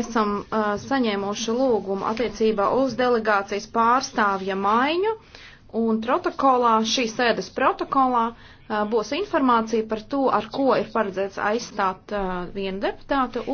esam uh, saņēmuši lūgumu attiecībā uz delegācijas pārstāvja maiņu, un protokolā, šī sēdes protokolā uh, būs informācija par to, ar ko ir paredzēts aizstāt uh, vienu deputātu.